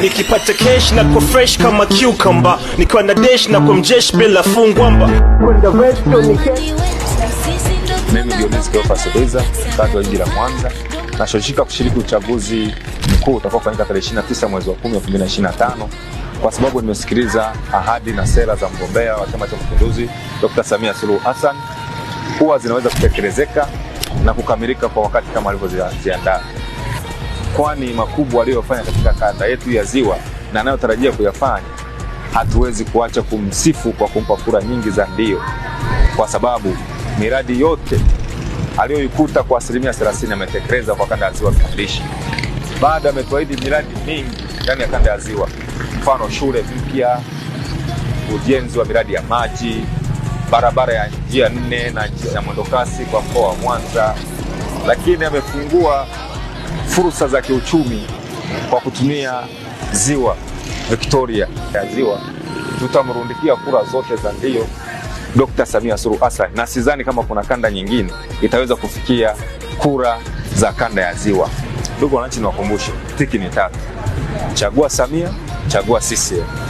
Nikipata cash na kwa fresh kama cucumber, nikiwa na dash na kwa mjeshi bila fungwamba mimi Dionisi Cleophas wa jiji la Mwanza, nashoshika kushiriki uchaguzi mkuu utakaofanyika tarehe 29 mwezi wa 10 kwa sababu nimesikiliza ahadi na sera za mgombea wa Chama cha Mapinduzi Dr. Samia Suluhu Hassan kuwa zinaweza kutekelezeka na kukamilika kwa wakati kama alivyoziandaa, kwani makubwa aliyofanya katika kanda yetu ya Ziwa na anayotarajia kuyafanya, hatuwezi kuacha kumsifu kwa kumpa kura nyingi za ndio, kwa sababu miradi yote aliyoikuta kwa asilimia 30 ametekeleza kwa kanda ya Ziwa kikamilishi. Baada ametuahidi miradi mingi ndani ya kanda ya Ziwa, mfano shule mpya, ujenzi wa miradi ya maji barabara ya njia nne na ya mwendokasi kwa mkoa wa Mwanza, lakini amefungua fursa za kiuchumi kwa kutumia ziwa Victoria ya ziwa. Tutamrundikia kura zote za ndio Dr. Samia Suluhu Hassan, na sidhani kama kuna kanda nyingine itaweza kufikia kura za kanda ya ziwa. Ndugu wananchi, niwakumbushe, tiki ni tatu: chagua Samia, chagua CCM.